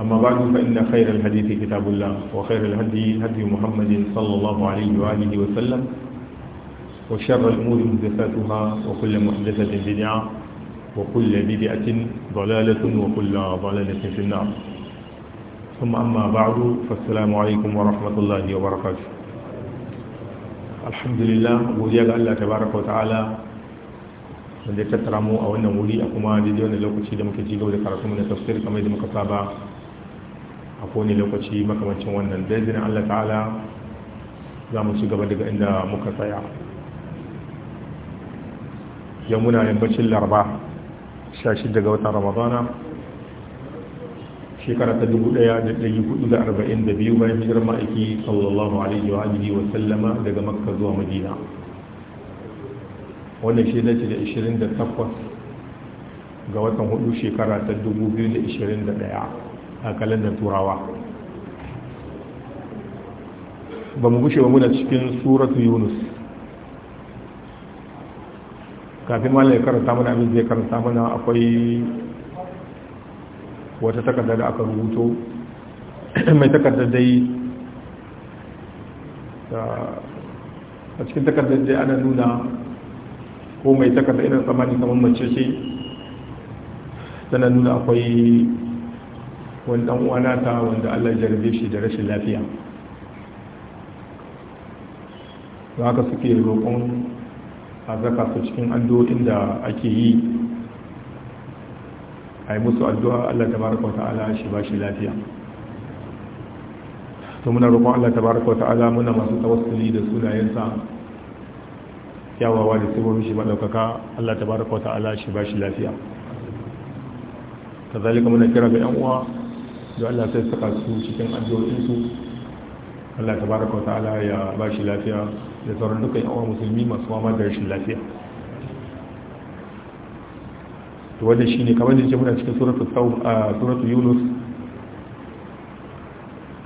أما بعد فإن خير الحديث كتاب الله وخير الهدي هدي محمد صلى الله عليه وآله وسلم وشر الأمور محدثاتها وكل محدثة بدعة وكل بدعة ضلالة وكل ضلالة في النار ثم أما بعد فالسلام عليكم ورحمة الله وبركاته الحمد لله godiya الله تبارك وتعالى wa ta'ala wanda ya tattara mu a wannan wuri a kuma daidai wannan lokaci da muke a kone lokaci makamancin wannan da izinin Allah ta'ala za mu ci gaba daga inda muka tsaya yau muna yammacin larba 16 daga watan ramadana shekara ta 1442 bayan hijirar ma'aiki sallallahu alaihi wa alihi wa sallama daga makka zuwa madina wannan shi dace da 28 ga watan hudu shekara ta 2021 a kalandar turawa ba mu gushe ba muna cikin suratu yunus kafin malam ya karanta mana abin zai karanta mana akwai wata takarda da aka rubuto mai takarda dai a cikin takardar dai ana nuna ko mai takarda irin samani kamar mace ce tana nuna akwai wani dan uwana ta wanda Allah jarabe shi da rashin lafiya Za ka suke roƙon a zaka su cikin addu'o'in da ake yi a yi musu addu'a Allah tabaraka wa ta'ala shi ba shi lafiya to muna roƙon Allah tabaraka wa ta'ala muna masu tawassuli da sunayensa kyawawa da sabon shi maɗaukaka Allah tabaraka wa ta'ala shi ba shi lafiya kazalika muna kira ga 'yan uwa su Allah sai saka su cikin su Allah ta wa ta'ala ya ba shi lafiya da sauran dukkan yawan musulmi masu mama da rashin lafiya to wanda shi ne kamar da yake muna cikin suratul yunus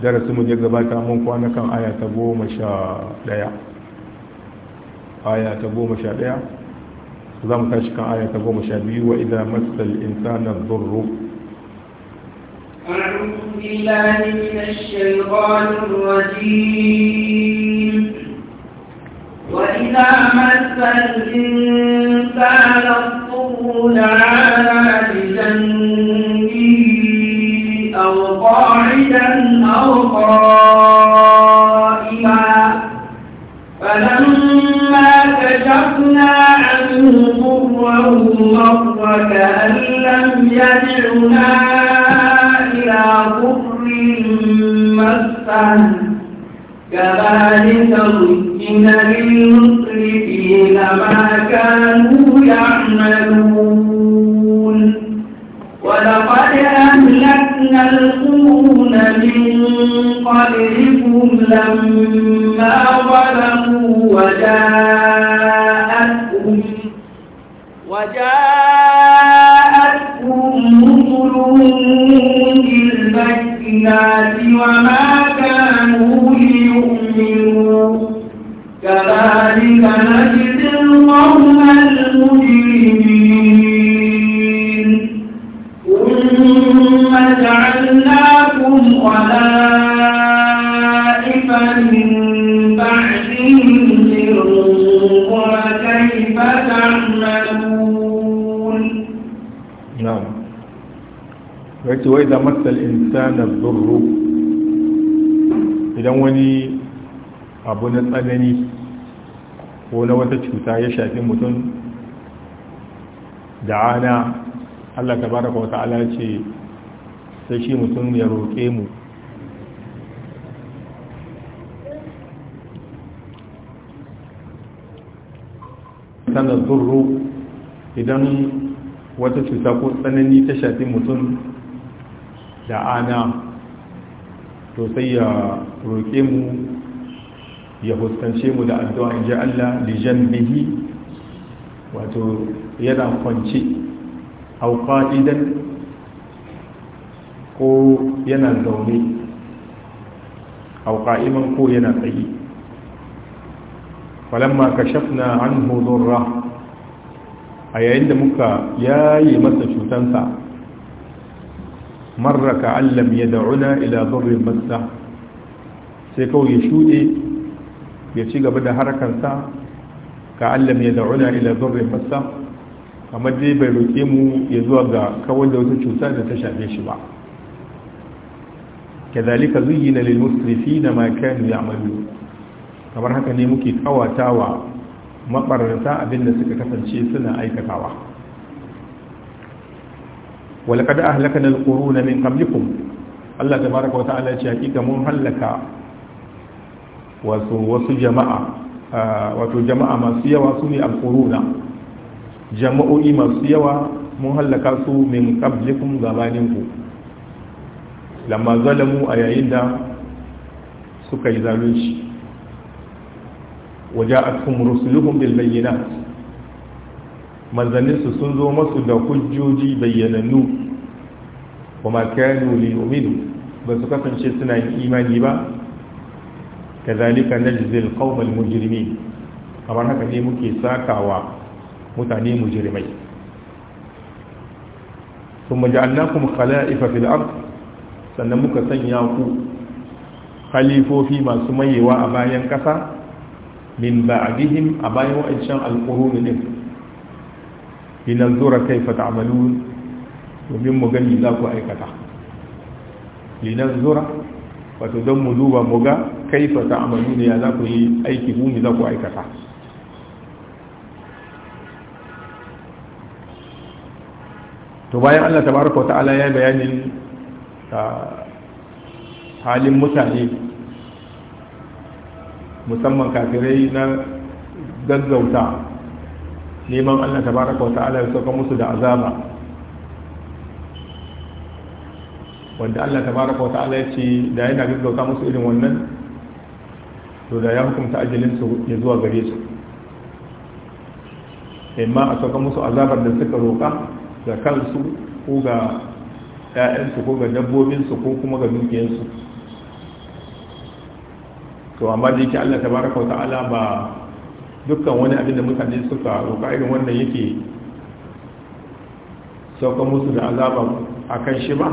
darasin mu ya gabata mun kwana kan aya ta goma sha ɗaya aya ta goma sha ɗaya za mu tashi kan aya ta goma sha biyu wa idan masal insana dhurru أعوذ بالله من الشيطان الرجيم وإذا مس الإنسان الطول على بجنبه أو قاعدا أو قائما فلما كشفنا عنه ضره مر كأن لم يدعنا إلى كفر مسه كذلك ضجن للمسرفين ما كانوا wata cuta ya shafi mutum da ana Allah ta baraka wa ta'ala ce sai shi mutum ya roƙe mu tana zurru idan wata cuta ko tsanani ta shafi mutum da ana to sai ya roƙe mu ya fuskance mu da addu'a in ji Allah li bihi? wato yana kwanci au idan ko yana zaune au iman ko yana tsaye falamma shafna an dhurra a yayin da muka yaye masa cutansa marraka ka allam ya da'una ila dhurrin masa sai kawai ya shuɗe ya ci gaba da harkarsa ka allam ya da'una ila zurri fassa kamar dai bai roƙe mu ya zuwa ga kawar da wata cuta da ta shafe shi ba kazalika zuyyina lil musrifina ma kanu ya'malu kamar haka ne muke kawatawa mabarrata abinda suka kasance suna aikatawa walaqad ahlakana alquruna min qablikum Allah tabaaraka wa ta'ala ya ce hakika mun halaka wato wasu jama'a wato jama'a masu yawa su ne alkuruna jama'o'i masu yawa mun hallaka su min qablikum gabaninku lamma zalamu a yayin da suka yi zalunci waja'atkum rusuluhum bil bayyinat manzannin su sun zo masu da hujjoji bayyanannu Kuma ma kanu ba su kasance suna yin imani ba na kazalika najzil mu mujrimin kamar haka ne muke sakawa mutane mujrimai kuma ja'alnakum khala'ifa fil ard sannan muka sanya ku khalifofi masu mayewa a bayan kasa min ba'dihim a bayan wa'ancan alqurun din linanzura kaifa ta'malun domin mu za ku aikata linanzura wato don mu duba mu kaifa ta amalu ne ya za ku yi aiki muni za ku aikata to bayan allah tabaraka wa ta'ala ya bayanin halin mutane musamman kafirai na gaggauta neman allah tabaraka wa ta'ala ya sauka musu da azaba wanda allah tabaraka wa ta'ala ya ce da yana gaggauta musu irin wannan to da ya hukunta ajalinsu ya zuwa gare su imma a sauka musu azabar da suka roƙa ga kansu ko ga 'ya'yansu ko ga dabbobinsu ko kuma ga dukiyarsu to amma da yake Allah tabaraka wa ta'ala ba dukkan wani abin da mutane suka roƙa irin wannan yake sauka musu da azaba a kan shi ba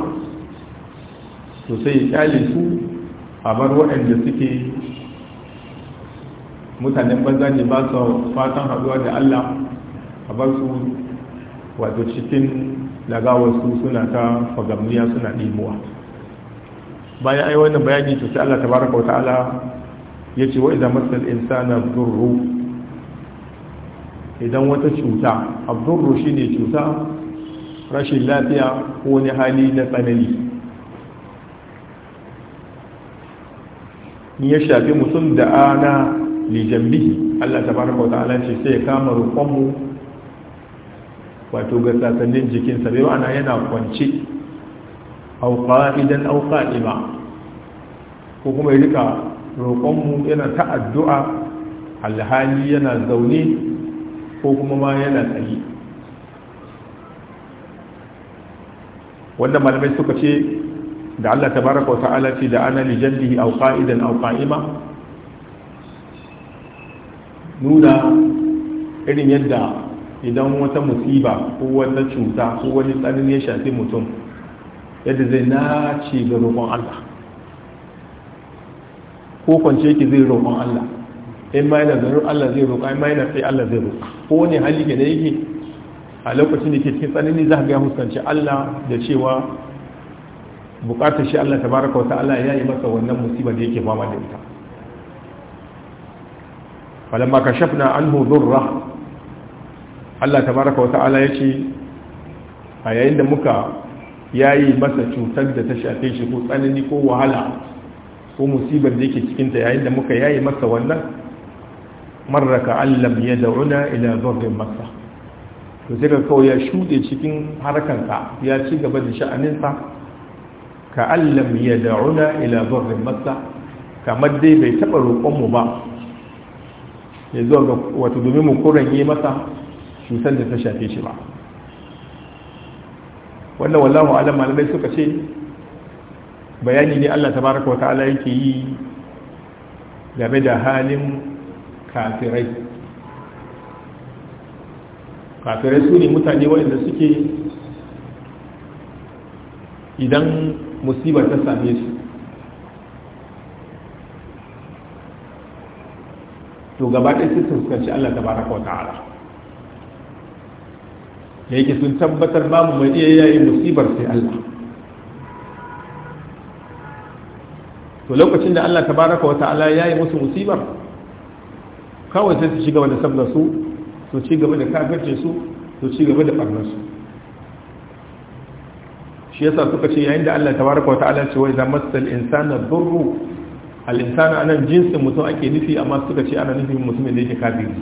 to sai ya ƙyale su a bar waɗanda suke mutanen banza ne ba su fatan haɗuwa da allah a bar su wato cikin lagawarsu suna ta fagamniya suna ɗimuwa bayan ai wannan bayani to sai allah tabaraka wa ta'ala ya ce wa idan masal insana durru idan wata cuta abdurru shine cuta rashin lafiya ko wani hali na tsanani in ya shafi mutum da ana li jambihi Allah tabaraka wa ta'ala ce sai ya kama rukunmu wato ga sasannin jikinsa bai ana yana kwance au qa'idan au qa'ima ko kuma ya rika roƙonmu yana ta addu'a alhali yana zaune ko kuma ma yana tsaye wanda malamai suka ce da Allah tabaraka wa ta'ala ce da ana lijandihi au qa'idan au qa'ima nuna irin yadda idan wata musiba ko wata cuta ko wani tsanin ya shafi mutum yadda zai ce ga roƙon Allah ko kwance yake zai roƙon Allah in ma yana zarar Allah zai roƙa in ma yana sai Allah zai roƙa ko wani hali ke da yake a lokacin da ke cikin tsanani za ga ya huskanci Allah da cewa bukatar shi Allah tabaraka wa ta'ala ya yi masa wannan musiba da yake fama da ita falamma kashafna anhu durra Allah tabaraka wata'ala yace a yayin da muka yayi masa cutar da ta shafe shi ko tsanani ko wahala ko musibar da yake cikin ta yayin da muka yayi masa wannan marraka allam yad'una ila dhurrin masa to sai ka kawai ya shude cikin harkansa ya ci gaba da sha'aninsa ka allam yad'una ila masa kamar dai bai taba roƙon mu ba ya zuwa ga wato domin mu yi masa cutar da ta shafe shi ba wannan wallahu alam malamai suka ce bayani ne Allah ta wata ala yake yi game da halin kafirai kafirai su ne mutane waɗanda suke idan musibar ta same su to gaba ɗaya sun fuskanci Allah baraka wa ta'ala da yake sun tabbatar babu mai iya yayi musibar sai Allah to lokacin da Allah ta baraka wa ta'ala yi musu musibar kawai sai su shiga wani sabda su su ci gaba da kafirce su su ci gaba da ɓarnar su shi yasa suka ce yayin da Allah ta baraka wa ta'ala ce wa idza massal insana dhurru al a nan jinsin mutum ake nufi amma suka ce ana nufin mutumin da yake kafiri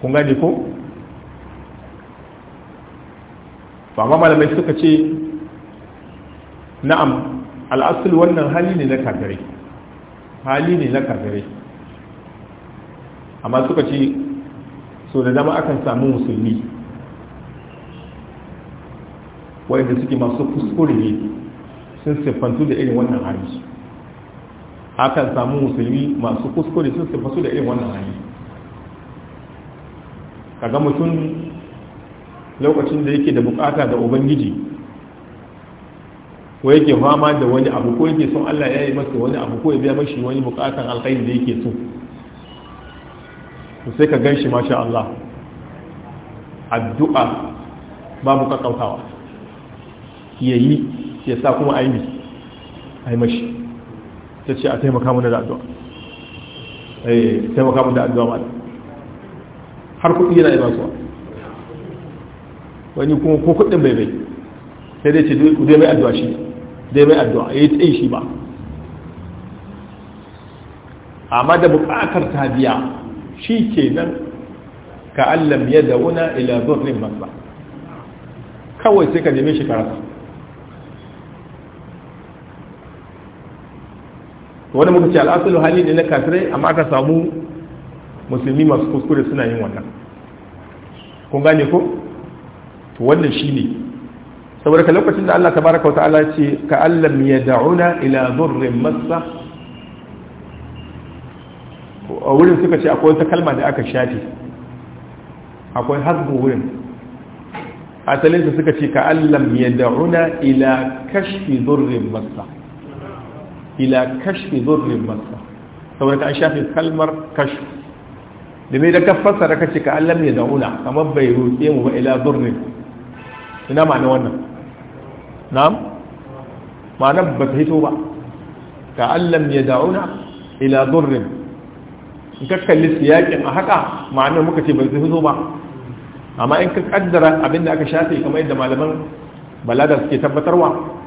kun gane ko ba ma malamai suka ce na'am al'asul wannan hali ne na kafirai hali ne na kafirai amma suka ce so da dama akan samu musulmi wadanda suke masu kuskure ne sun siffantu da irin wannan hali akan samu musulmi masu kuskure sun sifa su da irin wannan hali kaga mutum lokacin da yake da bukata da ubangiji ko yake fama da wani abu ko yake son Allah ya yi masa wani abu ko ya biya mashi wani bukatan alkhairi da yake so sai ka gan shi masha Allah addu'a babu kakkautawa ya yi ya sa kuma aini a mashi ta ce a taimaka mana da addu'a eh taimaka mana da addu'a ma har kuɗi yana yi basuwa wani kuma ko kuɗin bai bai sai dai ce dai mai addu'a shi dai mai addu'a ya eh, yi tsaye shi ba amma da buƙatar ta biya shi ke nan ka allam ya dauna ila zurrin ba kawai sai ka neme shekaru wani muka ce al'asulu hali ne na kafirai amma aka samu musulmi masu kuskure suna yin wannan kun gane ko to wannan shine saboda ka lokacin da Allah tabaraka wa ta'ala ce ka allam yad'una ila dhurrin massa a wurin suka ce akwai wata kalma da aka shafe akwai hasbu wurin asalin suka ce ka allam yad'una ila kashfi dhurrin massa ila kashfi zurrin masa saboda an shafi kalmar kashf da mai da kafarsa da kace ka Allah ya da'una kamar bai roƙe mu ba ila zurrin ina ma'ana wannan na'am ma'anar ba ta hito ba ka Allah ya da'una ila zurrin in ka kalli siyakin a haka ma'anar muka ce ba ta hito ba amma in ka kaddara abinda aka shafe kamar yadda malaman balada suke tabbatarwa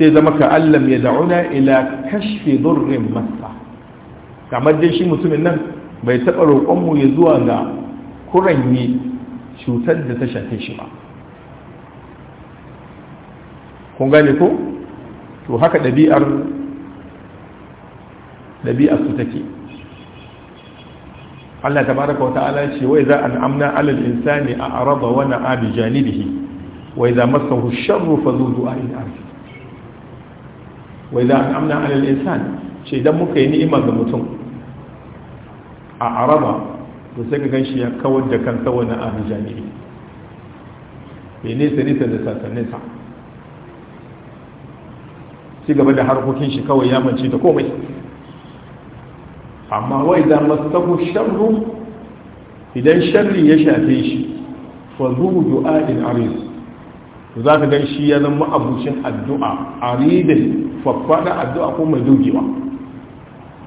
sai zama ka allam ya da'una ila kashfi durrin masa kamar dai shi mutumin nan bai taɓa roƙonmu ya zuwa ga kuranyi cutar da ta shafe shi ba kun gane ko to haka ɗabi'ar ɗabi'ar su take Allah baraka wa ta'ala ce wai za an amna alal insani a araba wa na'a bi janibihi wai za masahu sharru fa zu du'a in wai za a amna alal insan ce idan muka yi ni'ima ga mutum a araba da sai ka gan shi ya kawar da kan kawar na abu jami'i bai nesa nesa da sasanninsa ci gaba da harkokin shi kawai ya mance da komai amma wai za mastahu sharru idan sharri ya shafe shi fa zu in aris za ka gan shi ya zama abucin addu'a a ridin faffada addu'a ko mai dogewa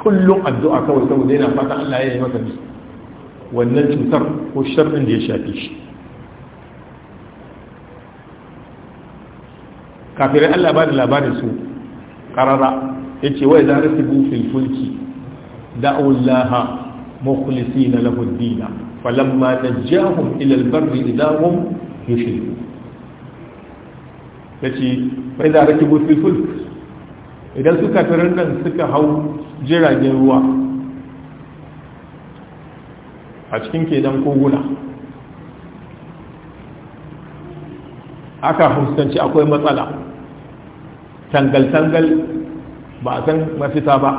kullum addu'a kawai saboda yana fata Allah ya yi masa bi wannan cutar ko sharrin da ya shafi shi kafirai Allah ba da labarin su ƙarara ya ce wai za su bu filfulki da'ullaha mukhlisina lahu dina falamma najjahum ila albarri idahum yushrikun ta ce bai za a idan suka firin nan suka hau jiragen ruwa a cikin kedan koguna aka fuskanci akwai matsala tangal-tangal ba a san mafita ba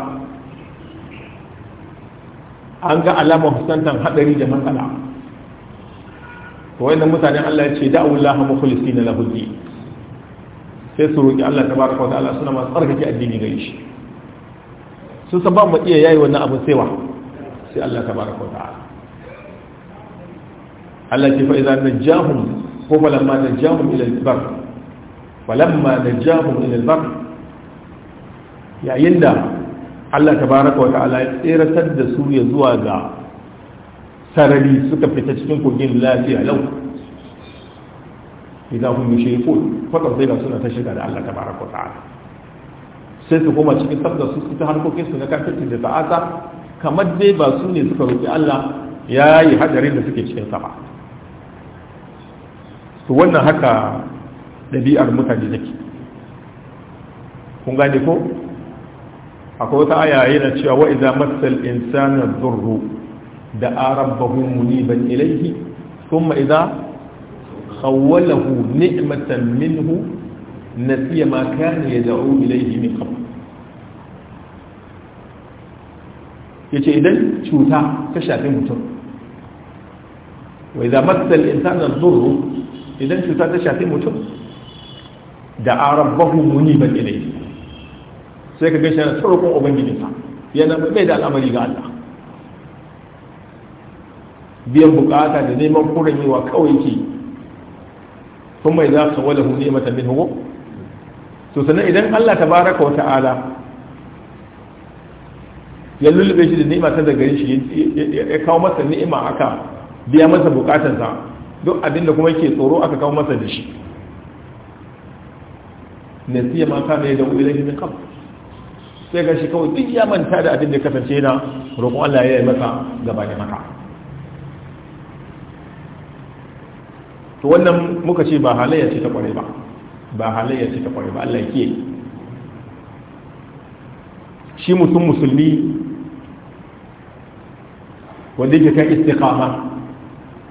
an ga alama fuskantar hadari da matsala to wayannan mutanen Allah ya ce da'u Allah mukhlisina na din sai su roƙi Allah ta baraka wata Allah suna masu tsarkake addini gare shi sun san ba mu iya yayi wannan abin sai wa sai Allah ta baraka wata Allah ce fa idan najahum ko falamma najahum ila al-bar falamma najahum ila al-bar yayin da Allah ta baraka wa ta'ala ya tseratar da su ya zuwa ga sarari suka fita cikin kogin lafiya lau idan hun yi shirikun kwatan sai da suna da Allah ta ta'ala sai su koma cikin sabda su ta harkokin su na kafirci da ta'ata kamar dai ba su ne suka roki Allah ya yi hadarin da suke cikin ba to wannan haka ɗabi'ar mutane take kun gane ko akwai wata aya yana cewa wa idza massal insana dhurru da arabbahu muniban ilayhi thumma idza خوله نعمة منه نسي ma كان يدعو إليه من قبل يجي idan cuta ta shafi mutum wa idza massal insana dhurru idan cuta ta shafi mutum da arabahu muniban ilayhi sai ka na yana mai da al'amari ga Allah biyan bukata da neman kuren wa kawai ke kuma idza mata min hugu to sannan idan Allah ta baraka wa ta'ala ya lullube shi da ni'ima ta daga shi ya kawo masa ni'ima aka biya masa bukatarsa duk abinda kuma yake tsoro aka kawo masa da shi siya ma kana da wuri lahi min sai ga shi kawai duk ya manta da abin da kasance na roƙon Allah ya yi masa gaba da maka to wannan muka ce ba halayya ce ta kware ba ba halayya ce ta kware ba Allah ke shi mutum musulmi wanda yake kan istiqama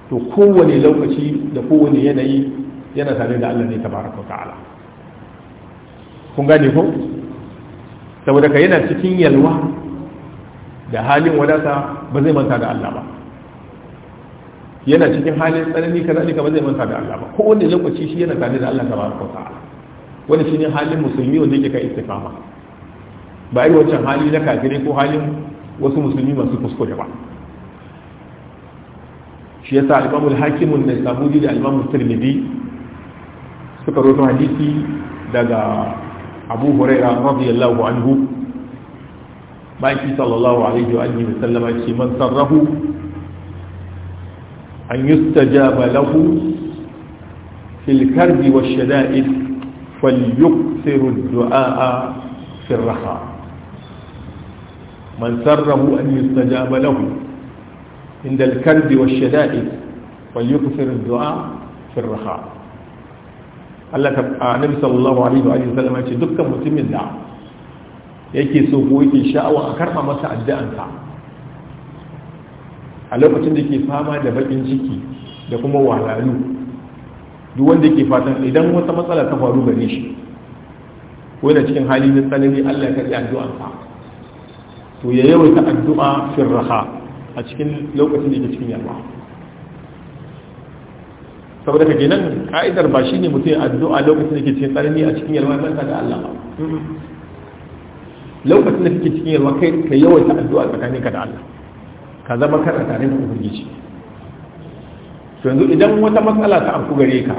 to kowane lokaci da kowane yanayi yana tare da Allah ne tabaraka wa ta'ala kun gane ko saboda ka yana cikin yalwa da halin wadata ba zai manta da Allah ba yana cikin halin tsanani ne kamar zai manta da Allah ba kowanne lokaci shi yana tare da Allah baraka ta wani shine halin musulmi wanda yake kai istiqama ba yi wancan hali na kafirai ko halin wasu musulmi masu kuskure ba shi yasa al-Imam al-Hakim an nasabudi da al-Imam tirmidhi suka rawaito hadisi daga Abu Hurairah radiyallahu anhu baki sallallahu alaihi wa alihi wa sallama ce man sarrahu أن يستجاب له في الكرب والشدائد فليكثر الدعاء في الرخاء من سره أن يستجاب له عند الكرب والشدائد فليكثر الدعاء في الرخاء Allah آه، النبي صلى الله عليه sallam ya ce dukkan mutumin da yake so ko yake sha'awa a karba masa a lokacin da ke fama da bakin ciki da kuma wahalalu duk wanda ke fatan idan wata matsala ta faru gare shi ko yana cikin hali na tsanani Allah ya karbi addu'a fa to ya yawaita addu'a firraha raha a cikin lokacin da ke cikin yalwa saboda kake nan ka'idar ba shine mutum addu'a lokacin da ke cikin tsanani a cikin yalwa tsanta da Allah mm-hmm. lokacin da kake cikin yalwa kai ka yawaita addu'a tsakaninka da Allah ka zama kada tare da ubangiji to yanzu idan wata matsala ta afku gare ka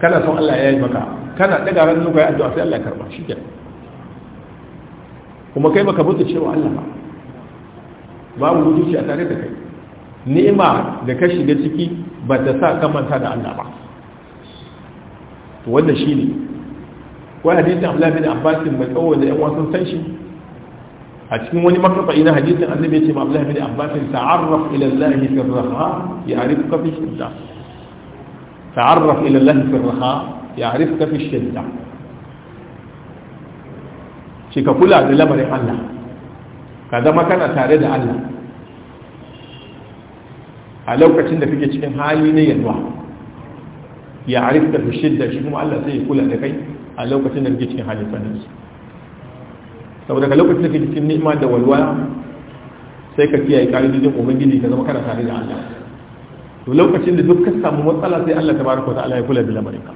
kana son Allah ya yi maka kana daga ran zuwa ya addu'a sai Allah ya karba shi kenan kuma kai baka mutu cewa Allah ba babu mutunci a tare da kai ni'ima da ka shiga ciki ba ta sa ka manta da Allah ba to wannan shine wani hadisin Abdullah bin Abbas mai tsawo da yan wasan san shi أتكلم وني مكة فإذا حديث عن النبي صلى الله عليه وسلم تعرف إلى الله في الرخاء يعرفك في الشدة تعرف إلى الله في الرخاء يعرفك في الشدة شيك كل هذا لا بريح الله كذا ما كان أتارد الله ألو كتشند في كتشكم هالي نيان واحد يعرفك في الشدة شيكم الله سيقول لكي ألو كتشند في كتشكم هالي فنسي saboda ka lokacin da ke cikin ni'ima da walwala sai ka kiyaye ka'idojin ubangiji ka zama kana tare da Allah to lokacin da duk ka samu matsala sai Allah tabaraka ta'ala ya kula da lamarin ka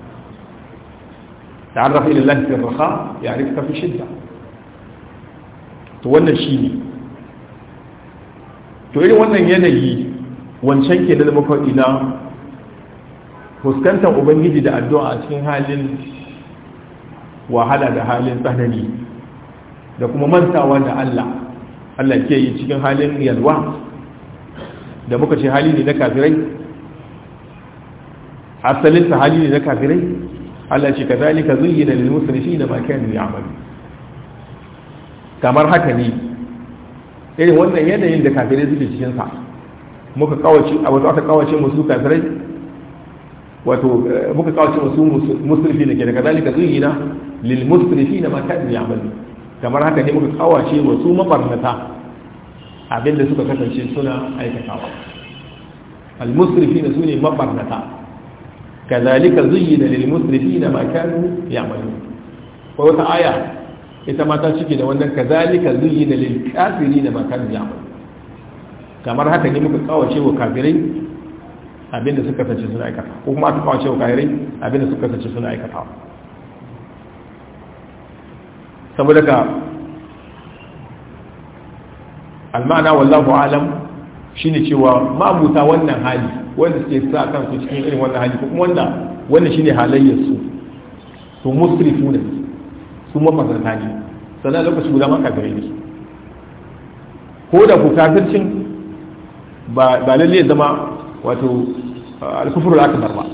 ta'arrafa ila Allah fi raha ya'rifka fi shidda to wannan shine to irin wannan yanayi wancan ke da muka ina fuskantar ubangiji da addu'a a cikin halin wahala da halin tsanani da kuma mantawa da Allah Allah ke yi cikin halin yalwa da muka ce hali ne na kafirai asalin ta hali ne na kafirai Allah ce kazalika shi lil musrifina ma kanu ya'malu kamar haka ne irin wannan yanayin da kafirai suke cikin sa muka kawace a wato aka kawace musu kafirai wato eh, muka kawace musu musulmi da ke da kazalika shi lil musrifina ma kanu ya'malu kamar haka ne muka kawace wa su mabarnata abinda suka kasance suna aikatawa al almusrifina su ne mabarnata kazalika zuyyina lil na ma ya ya'malun ko wata aya ita mata cike da wannan kazalika zuyyina lil na ma ya ya'malun kamar haka ne muka kawace wa kafirai abinda suka kasance suna aikatawa, ko kuma aka kawace wa kafirai abinda suka kasance suna aikatawa saboda ka almana wallahu alam shine cewa ma'abuta wannan hali wanda suke sa kansu cikin irin wannan hali ko kuma wanda wannan shine halayyar su su musrifu ne su mafasarta ne sannan lokaci guda ma kafirai ne ko da ku kafircin ba lalle ya zama wato ah, alkufurul akbar ba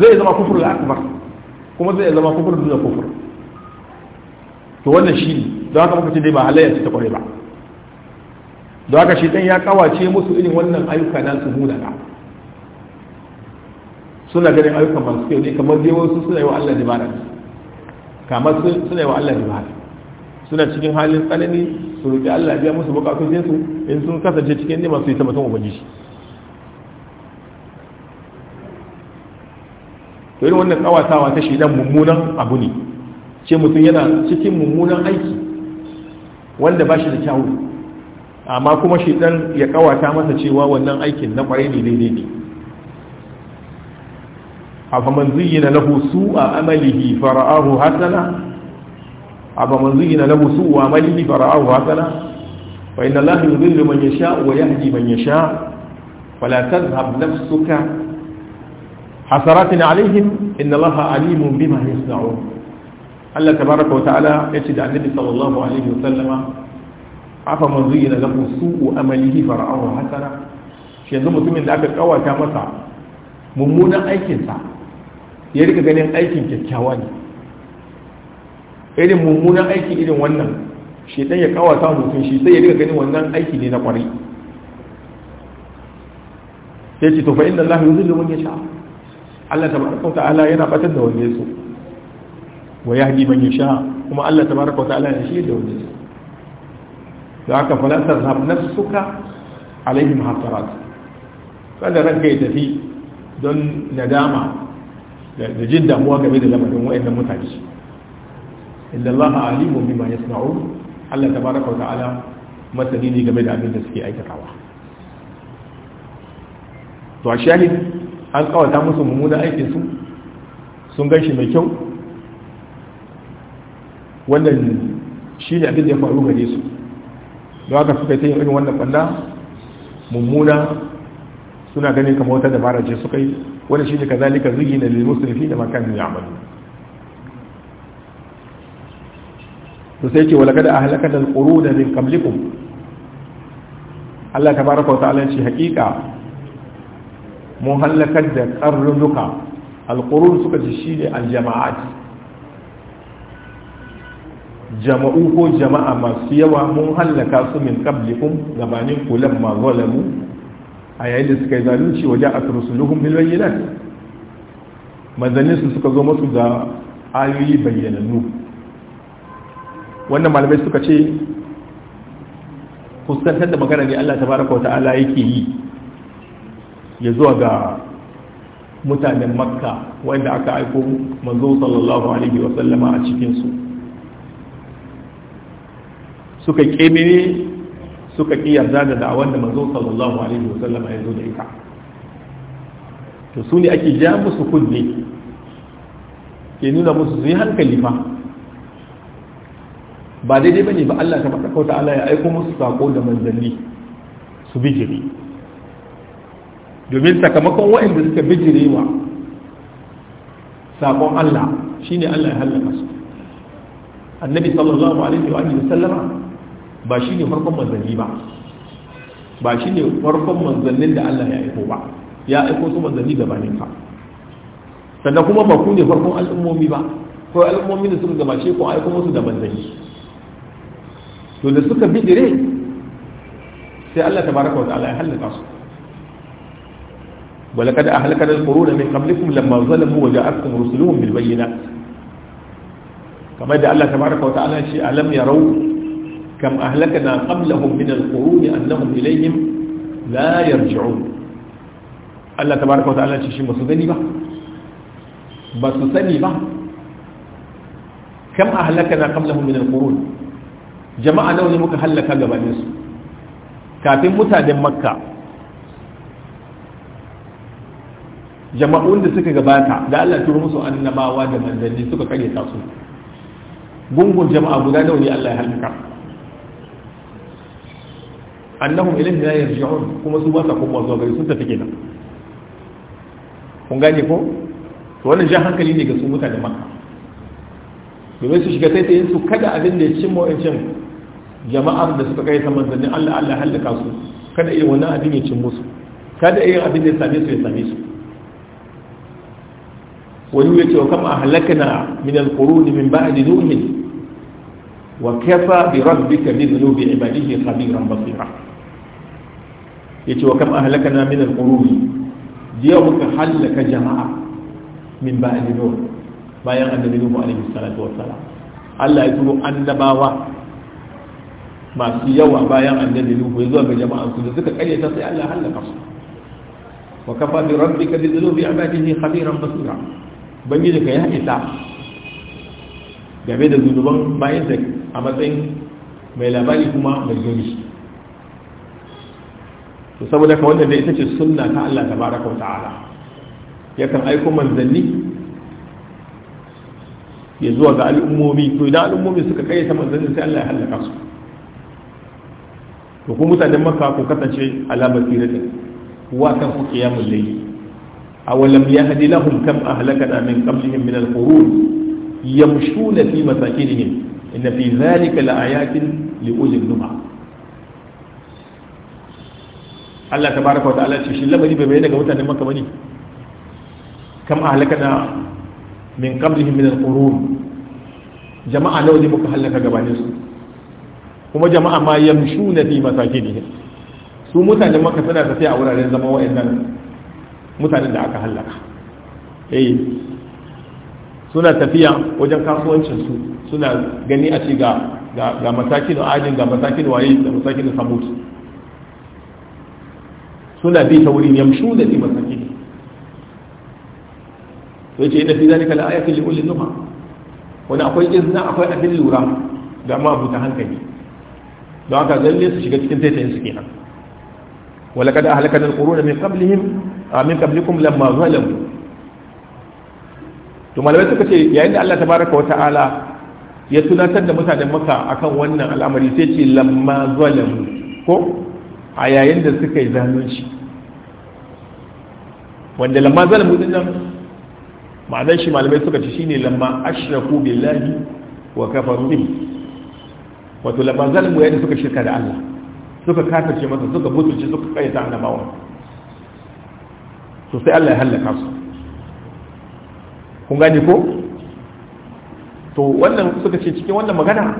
zai zama kufurul akbar kuma zai zama kufur duna kufur to wannan shi ne don haka muka ce dai ba halayya ce ta kwarai ba don haka shi dan ya kawace musu irin wannan ayyuka na su munana suna ganin ayyukan masu kyau ne kamar dai wasu suna yi wa Allah dibara kamar suna yi wa Allah dibara suna cikin halin tsanani su roƙi Allah biya musu bukatun su in sun kasance cikin neman su yi ta mutum ubangiji to irin wannan kawatawa ta shi dan mummunan abu ne ce mutum yana cikin mummunan aiki wanda ba shi da kyawu amma kuma shi dan ya kawata masa cewa wannan aikin na kwarai ne daidai ne afaman zuyyina lahu su'a amalihi fara'ahu hasana afaman zuyyina lahu su'a amalihi fara'ahu hasana wa inna allaha yudhillu man yasha wa yahdi man yasha fala tadhhab nafsuka hasaratin alaihim inna allaha alimun bima yasna'un Allah tabaraka wa ta'ala ya ce da annabi sallallahu alaihi wa sallama afa man zuyyina lahu su'u amalihi fara'ahu hasana shi yanzu mutumin da aka kawata masa mummunan aikinsa ya rika ganin aikin kyakkyawa ne irin mummunan aiki irin wannan shi ya kawata mutum shi sai ya rika ganin wannan aiki ne na kwarai sai ce to fa inna Allah yuzillu man yasha Allah tabaraka wa ta'ala yana batar da wanda yaso. wa yahdi man yasha kuma Allah tabaraka wa ta'ala ya shi da wani da aka falasar zab nafsuka alaihim hasarat kada ranka ya tafi don nadama da jin damuwa game da lamarin wayannan mutane illa Allah alimun bima yasna'un Allah tabaraka wa ta'ala masani ne game da abin da suke aikatawa to a shahid an kawata musu mummunan aikinsu sun gan shi mai kyau wannan shi ne abin da ya faru gare su da haka suka ta yin irin wannan ɓanna mummuna suna ganin kamar wata dabara ce suka yi wani shi ne ka zalika zugi na lilmusulfi da makamin ya amalu to sai ce walakada a halakar alƙuru da min kamlikum Allah ta baraka wata alanci hakika mun halakar da ƙarrunuka alƙurun suka ji shi ne aljama'ati jama'u ko jama'a masu yawa mun hallaka su min qablikum gabanin kulan ma zalamu a yayin da suka yi zalunci waje a rusuluhum bil bayyinat su suka zo masu da ayoyi bayyanannu wannan malamai suka ce fuskantar da magana ne Allah tabaraka wata'ala yake yi ya zuwa ga mutanen makka wanda aka aiko manzo sallallahu alaihi wasallama a cikinsu suka kemene suka ƙi yarda da da'awar da manzo sallallahu alaihi wa sallama ya zo da ita to su ne ake ja musu kunne ke nuna musu su yi hankali fa ba daidai bane ba Allah ta faɗa ta'ala ya aiko musu sako da manzanni su bijiri domin sakamakon waɗanda suka bijire wa saƙon Allah shine Allah ya hallaka su annabi sallallahu alaihi wa sallama ba shi ne farkon manzanni ba ba shi ne farkon manzannin da Allah ya aiko ba ya aiko su manzanni gabanin ka sannan kuma ba ku ne farkon al'ummomi ba ko al'ummomi da suka gabace ko aiko musu da manzanni to da suka bi dire, sai Allah tabaraka wa ta'ala ya halaka su ولقد أهلكنا القرون من قبلكم لما ظلموا وجاءتكم رسلهم بالبينات كما يدعي الله تبارك وتعالى شيء ألم يروا kam ahlakana qablahum min al-quruni annahum ilayhim la yarji'un Allah tabaraka wa ta'ala ce shi ba su gani ba ba su sani ba kam ahlakana qablahum min al-qurun jama'a nawa ne muka kafin mutanen makka jama'un da suka gabata da Allah turo musu annabawa da manzanni suka kare su gungun jama'a guda nawa ne Allah ya halaka annahum ilayhi la yarji'un kuma su ba sa kuma zuwa gari sun tafi kenan kun gane ko to wannan jan hankali ne ga su mutane makka domin su shiga sai sai su kada abin da ya cin mawancin jama'ar da suka kai saman zannin Allah Allah halaka su kada iya wannan abin ya cin musu kada irin abin da ya same su ya same su wani ya ce wa kama halakana min alquruni min ba'di nuhin wa kafa bi rabbika bi dhunubi ibadihi khabiran basira yace wa kam ahlakana min al-quruni jiya muka halaka jama'a min ba'di nur bayan annabi nuhu alaihi salatu wassalam Allah ya turo annabawa masu yawa bayan annabi nuhu ya zuwa ga jama'an su da suka ta sai Allah halaka su wa kafa bi rabbika bi dhunubi ibadihi khabiran basira bangiji ka ya isa game da zunuban bayan da a matsayin mai labari kuma mai gani to saboda ka wannan ita ce sunna ta Allah tabaraka wa ta'ala yakan aiko manzanni ya zuwa ga al'ummomi to idan al'ummomi suka kai ta manzanni sai Allah ya halaka su to kuma mutanen makka ku kasance alamar basirati wa kan ku qiyamul layl awalam yahdi lahum kam ahlakna min qablihim min al-qurun yamshuna fi masakinihim inna fi dhalika la ayatin li ulil Allah ta baraka wa ta'ala ce shi lamari bai bayyana ga mutanen maka bane kam ahlakana min qablihim min al-qurun jama'a nawa ne muka halaka gabanin su kuma jama'a ma yamshuna fi masakinihim su mutanen maka suna tafiya a wuraren zama wa'annan mutanen da aka halaka eh suna tafiya wajen kasuwancin su suna gani a ce ga ga masakin ajin ga masakin waye da masakin samut suna bi ta wurin yamshu da ni masaki to yace inna fi zalika la ayatin li ulil nuha wani akwai izna akwai abin lura ga mabuta hankali don haka zalle su shiga cikin taitayin su kenan wala kada ahlakana alquruna min qablihim min qablikum lamma zalamu to malamai suka ce yayin da Allah tabaraka wa ta'ala ya tunatar da mutanen maka akan wannan al'amari sai ce lamma zalamu ko a yayin da suka yi zalunci wanda lamma zan din nan ma'anar shi malamai suka ci shine lamma ashraku billahi wa kafaru bihi wato lamma zan mu yayin suka shirka da Allah suka kafirce masa suka butulce suka kayyata annabawa to sai Allah ya halaka su kun gane ko to wannan suka ce cikin wannan magana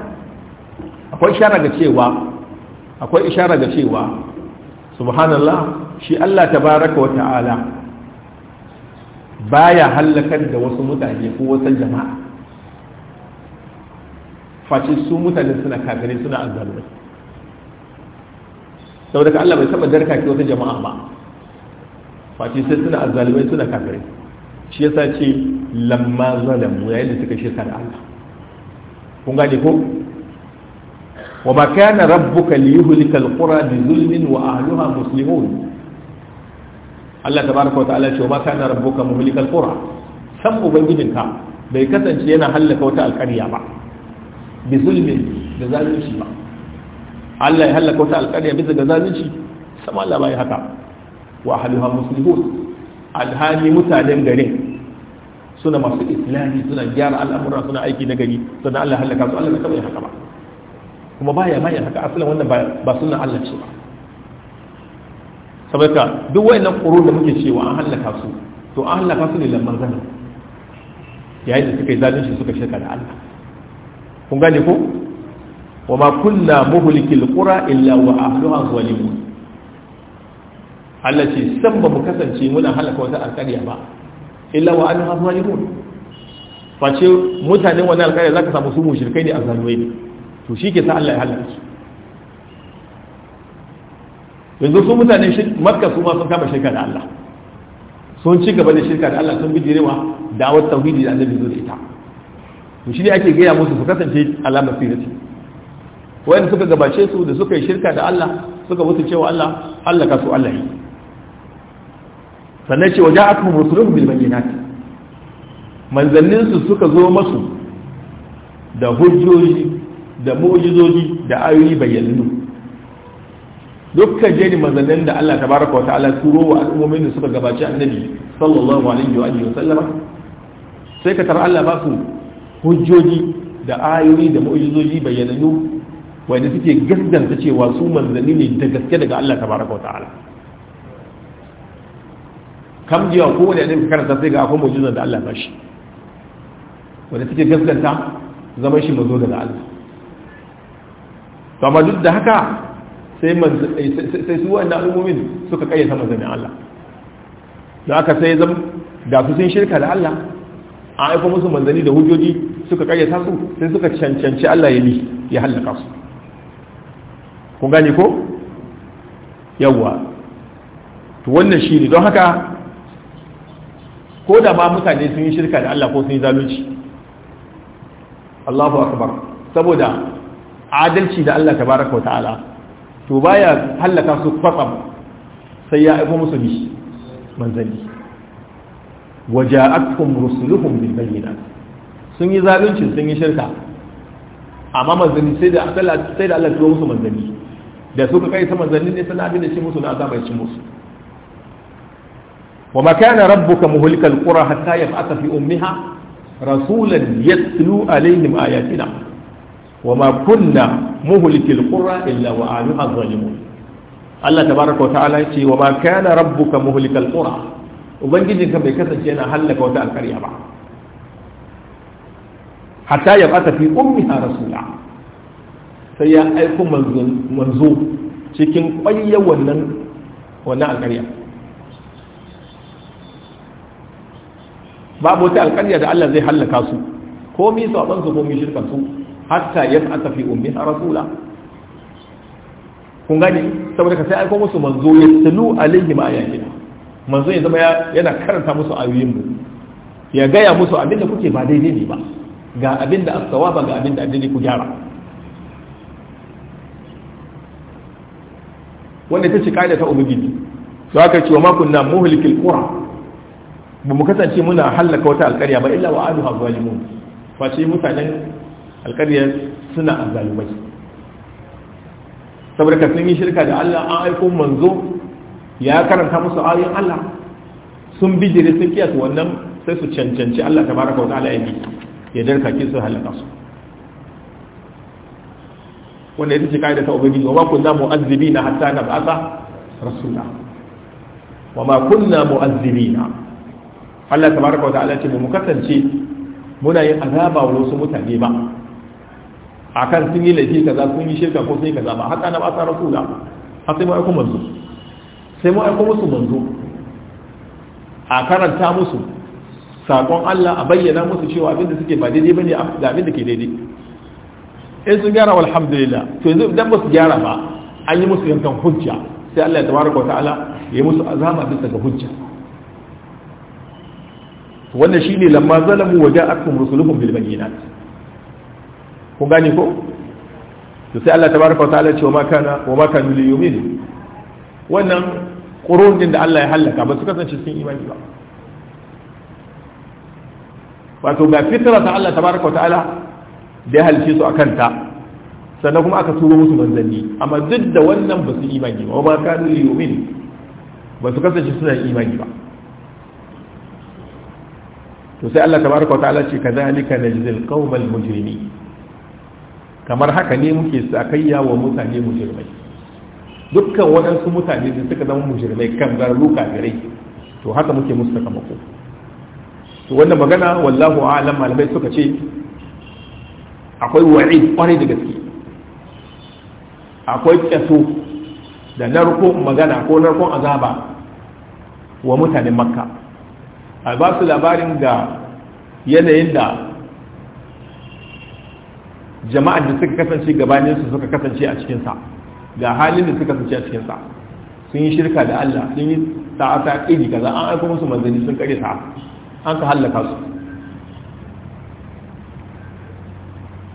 akwai shara ga cewa akwai ishara ga cewa subhanallah shi Allah tabaraka wa ta'ala baya halakar da wasu mutane ko wasu jama'a face su mutane suna kafirai suna azzalumai saboda ka Allah bai saba darka ki wata jama'a ba face sai suna azzalumai suna kafirai shi yasa ce lamma zalamu yayin da suka shirka Allah kun gane ko wa ma kana rabbuka liyuhlika alqura bi zulmin wa ahliha muslimun Allah tabaraka wa ta'ala ce wa ma kana rabbuka muhlika alqura san ubangijinka bai kasance yana hallaka wata alƙarya ba bi zulmin da zalunci ba Allah ya hallaka wata alƙarya bisa ga zalunci sama Allah bai haka wa ahliha muslimun alhali mutanen garin suna masu islami suna gyara al'amura suna aiki na gari sannan Allah halaka su Allah bai haka ba kuma ba ya ya haka asalin wannan ba suna Allah ce ba saboda duk wayannan ƙoro da muke cewa an hallaka su to an hallaka su ne lamar zana yayin da suka yi zalunci suka shirka da Allah kun gane ko wa ma kunna muhlikil qura illa wa ahluha zalimun Allah ce san ba mu kasance muna halaka wata alƙarya ba illa wa ahluha zalimun face mutanen wannan alƙarya zaka samu su mushrikai ne azzalumai ne to shi ke sa Allah ya halaka su yanzu su mutane makka su ma sun kama shirka da Allah sun ci gaba da shirka da Allah sun wa dawar tauhidi da annabi zuwa ita to shi ne ake gaya musu su kasance alamar sirati wanda suka gabace su da suka yi shirka da Allah suka mutu cewa Allah Allah ka su Allah yi sannan cewa ja'atuhum rusuluhum bil bayyinat manzannin su suka zo masu da hujjoji da mu'jizoji da ayoyi bayyanannu dukkan jeri manzannin da Allah tabaraka wa ta'ala turo wa al'ummomin da suka gabaci annabi sallallahu alaihi wa alihi wa sallama sai ka tar Allah ba su hujjoji da ayoyi da mu'jizoji bayyanannu wanda suke gaskanta cewa su manzanni ne da gaske daga Allah tabaraka wa ta'ala kam jiya ko wani annabi karanta sai ga akwai mu'jiza da Allah ba shi wanda suke gaskanta zaman shi mazo daga Allah amma duk da haka sai eh, su wannan al'ummin suka kayyata manzannin Allah da aka sai zama da su sun shirka da Allah a aiko musu manzanni da hujjoji suka kayyata su sai suka cancanci Allah ya bi ya hallaka su kun gani ko yawwa to wannan shi ne don haka ko da ma mutane sun yi shirka da Allah ko sun yi zalunci Allahu akbar saboda adalci da Allah tabaraka wa ta'ala to baya hallaka su kwatsam sai ya aiko musu bi manzanni waja'atkum rusuluhum bil bayyinat sun yi zalunci sun yi shirka amma manzanni sai da Allah sai da Allah ya musu manzanni da suka kai ta manzanni ne sana abin da shi musu na azaba ya ci musu wa ma kana rabbuka muhlikal qura hatta yab'atha fi ummiha rasulan yatlu alaihim ayatina wa ma kunna muhlikil qura illa wa ahluha zalimun Allah tabaraka ta'ala ya ce wa ma kana rabbuka muhlikal qura ubangijinka bai kasance yana hallaka wata alƙarya ba hatta ya fata fi ummiha rasula sai ya aiko manzo cikin ƙwayya wannan wannan alƙarya babu wata alƙarya da Allah zai hallaka su komi sabansu komi hatta yab'atha fi ummiha rasula kun gani saboda ka sai aiko musu manzo ya tulu alaihim ayatina manzo ya zama yana karanta musu ayoyin mu ya gaya musu abin da kuke ba daidai ne ba ga abin da as-sawaba ga abin da addini ku gyara wanda ta ci kaida ta ubangiji to aka ce wa ma kunna muhlikil qura ba mu kasance muna halaka wata alƙarya ba illa wa aduha zalimun face mutanen alƙaryar suna azzalumai saboda ka sun yi shirka da Allah an aiko manzo ya karanta musu ayoyin Allah sun bi bijire sun kiyata wannan sai su cancanci Allah tabaraka wa ta'ala ya bi ya darka ki su halaka su wanda ita ce kaida ta ubangiji wa ma kunna mu'azzibina hatta nab'atha rasula wa ma kunna na Allah ta tabaraka wata ta'ala ce mu kasance muna yin azaba wa wasu mutane ba akan sun yi laifi kaza sun yi shirka ko sun yi kaza ba haka na ba sa rasula har sai mu aiko manzo sai mu aiko musu manzo a karanta musu sakon Allah a bayyana musu cewa abin da suke ba daidai bane da abin da ke daidai in sun gyara alhamdulillah to yanzu idan ba su gyara ba an yi musu yankan hujja sai Allah ya tabaraka wa ta'ala ya yi musu azama bisa ga hujja wannan shine lamma zalamu ja'akum rusuluhum bil bayyinat kun gane ko to sai Allah tabaraka ta'ala ce wa ma kana wa ma kanu li yu'minu wannan qurun din da Allah ya halaka ba su kasance sun imani ba wato ga fitra ta Allah tabaraka ta'ala da ya halice su akan ta sannan kuma aka turo musu manzanni amma duk da wannan ba su imani ba wa ma kanu li yu'minu ba su kasance suna imani ba to sai Allah tabaraka ta'ala ce kadhalika najzil qaumal mujrimin kamar haka ne muke sakayya wa mutane mujirmai dukkan waɗansu mutane da suka zama mujirmai kan zarru kafirai to haka muke musu sakamako to wannan magana wallahu a'lam malamai suka ce akwai wa'i kwarai da gaske akwai kyaso da narko magana ko narkon azaba wa mutanen makka a ba su labarin da yanayin da jama'ar da suka kasance gabanin su suka kasance a cikin sa ga halin da suka kasance a cikin sa sun yi shirka da Allah sun yi ta'ata iri kaza an aika musu manzanni sun kare ta an ka halaka su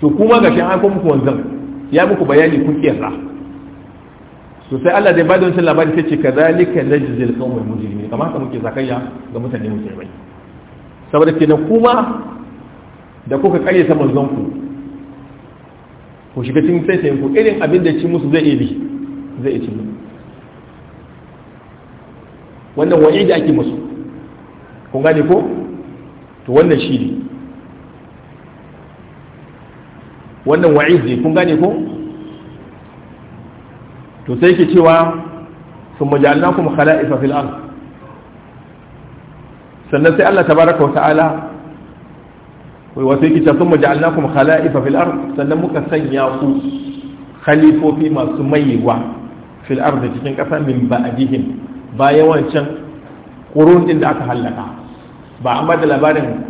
to kuma ga shi an aika muku wanzan ya muku bayani kun kiyasa to sai Allah dai bada wancan labari sai ce kazalika najzil qawmul mujrimin kamar ka muke zakayya ga mutane bai. saboda kenan kuma da kuka kare ta manzon ku ku shiga cikin sai ku irin abin da ci musu zai ibi zai ici wannan da ake musu kun gane ko to wannan shi ne wannan wa'idi kun gane ko to sai ke cewa sun majalna kuma khala'ifa fil ard sannan sai Allah tabaraka wa ta'ala wasu yake ta sun maja'alnakum khala'ifa fil ard sannan muka sanya ku khalifofi masu maiwa fil ard cikin kasa min ba'dihim bayan wancan qurun din da aka halaka ba amma da labarin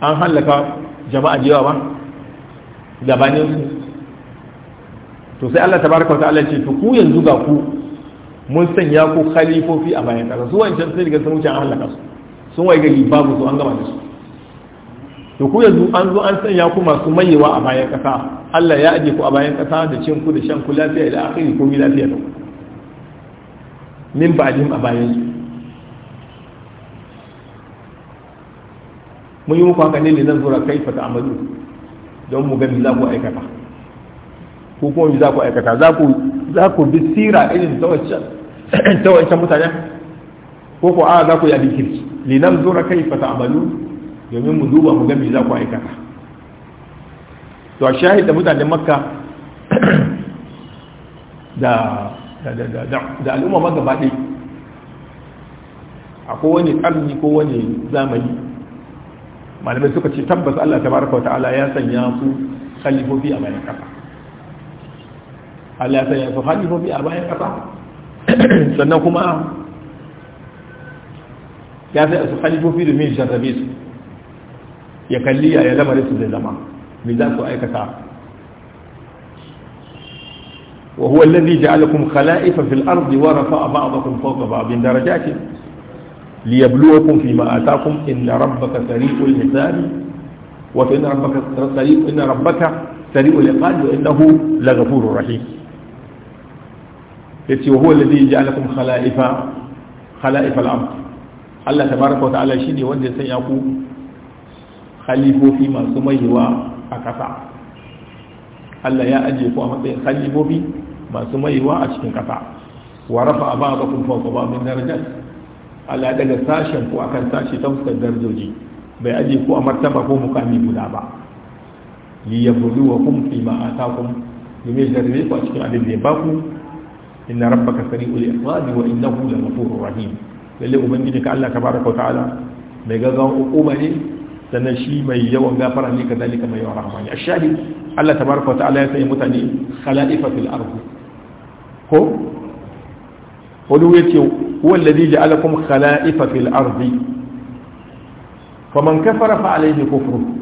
an halaka jama'a jiwa ba gabanin su to sai Allah tabaraka wa ta'ala ce to ku yanzu ga ku mun sanya ku khalifofi a bayan kasa su wancan sai daga sun wuce an halaka su sun waye gari babu su an gama da su to ku yanzu an zo an sanya ku masu mayewa a bayan kasa Allah ya aje ku a bayan kasa da cin ku da shan ku lafiya ila akhiri ku lafiya da ku min ba'dihim a bayan su mun yi muku haka ne ne zan zura kai fata amalu don mu gani za ku aikata ko kuma za ku aikata za ku za ku bi sira irin ta wancan mutane? ko ko a za ku yi abin kirki linan zura kai fata amalu domin mu duba mu gami za ku aikata to a shahid da mutanen makka da al'umma maka baɗe a kowane ƙarni ko wani zamani malamai suka ce tabbas allah ta baraka wata'ala ya sanya su halifofi a bayan ƙasa allah ya sanya su halifofi a bayan ƙasa sannan kuma ya sanya su khalifofi domin jarrabe su ya kalli ya zama da su zai zama me za su aikata wa huwa alladhi ja'alakum khala'ifa fil ardi wa rafa'a ba'dakum fawqa ba'din darajatin liyabluwakum fi ma ataakum inna rabbaka sari'ul hisab wa inna rabbaka sari'u inna rabbaka sari'ul iqab wa innahu laghafurur rahim yace wa huwa alladhi ja'alakum khala'ifa khala'ifa al-ard Allah tabaaraka wa ta'ala shine wanda ya sanya ku khalifofi masu maiwa a ƙasa Allah ya ajiye ku a matsayin khalifofi masu maiwa a cikin ƙasa wa rafa ba'dakum fawqa ba'din darajat Allah daga sashen ku akan sashi ta fuskar darajoji bai ajiye ku a martaba ko mukami guda ba li yabluwakum fi ma atakum yume jarbe ku a cikin abin da ya baku inna rabbaka sari'ul iqabi wa innahu laghafurur rahim lalle ubangiji ka Allah tabaraka wa ta'ala mai gaggawan hukuma ne sannan shi mai yawan gafara ne kazalika mai yawan rahama ne ashahid Allah tabaraka ta'ala ya sanya mutane khala'ifa fil ardh ko wani yace huwa alladhi ja'alakum khala'ifa fil ardh faman kafara fa alayhi kufruhu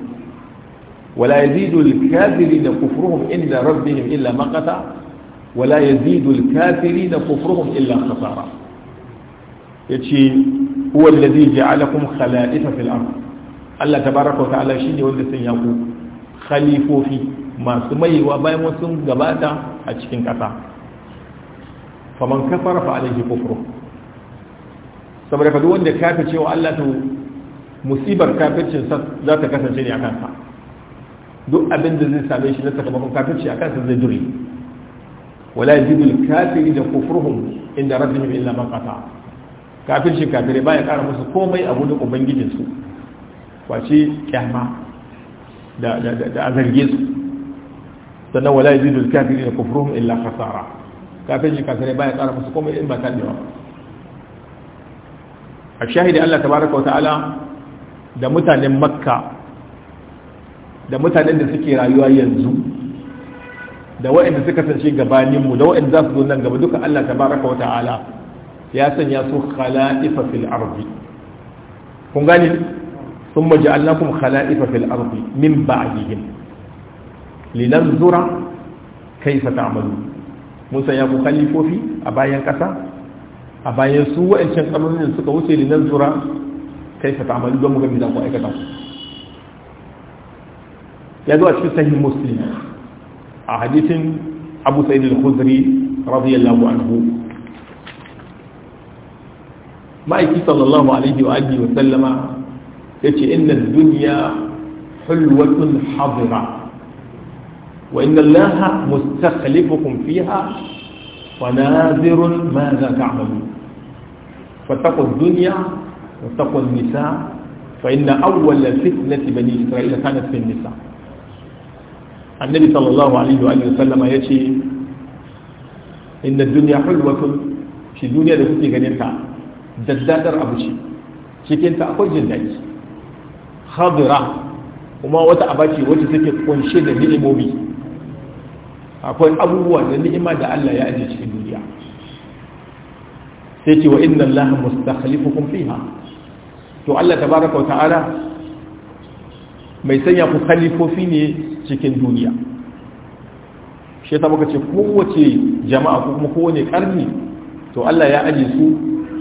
ولا يزيد الكافرين كفرهم عند ربهم إلا مقتا ولا يزيد الكافرين كفرهم إلا خسارة يتشي هو الذي جعلكم خلائف في الأرض Allah tabaraka wa ta'ala shine wanda sanya ku khalifofi masu maiwa bayan wasu gabata a cikin ƙasa faman kafara fa alaihi kufru saboda ka duk wanda kafirce cewa, Allah to musibar kafircin sa za ta kasance ne a kansa duk abin da zai same shi na sakamakon kafirci a kansa zai dure wala yajidul kafiri da kufruhum inda rabbihim illa man qata kafirci kafirai baya kara musu komai a gudun ubangijinsu face kyama da a zarge su sannan wala yi zidul kafiri da kufurun illa kasara kafin shi kafirai baya tsara musu komai in ba ta dewa a shahidi Allah wata ala da mutanen makka da mutanen da suke rayuwa yanzu da waɗanda suka shi gabaninmu da waɗanda za su zo nan gaba duka Allah wata ala ya sanya su khala'ifa fil ardi kun gane ثم جعلناكم خلائف في الأرض من بعدهم لننظر كيف تعملون موسى يا مخلف في أبايا كسا أبايا سوء إن شاء الله سكوسي لننظر كيف تعملون دوم غير ميزان وأيك يا دوا في صحيح مسلم حديث أبو سيد الخزري رضي الله عنه ما sallallahu alaihi wa alihi wa sallama تتي إن الدنيا حلوة حاضرة وإن الله مستخلفكم فيها وناذر ماذا تعملون فاتقوا الدنيا واتقوا النساء فإن أول فتنة بني إسرائيل كانت في النساء النبي صلى الله عليه وآله وسلم يأتي إن الدنيا حلوة في الدنيا لكتي غنيتا جدادر أبو شيء شكينتا أقول جندائي khadira kuma wata abaci wacce take kunshe da ni'imomi akwai abubuwa da ni'ima da Allah ya aje cikin duniya sai ce wa inna Allah mustakhlifukum fiha to Allah tabaraka wa ta'ala mai sanya ku khalifofi ne cikin duniya shi ta muka ce kowace jama'a ko kuma kowane karni to Allah ya aje su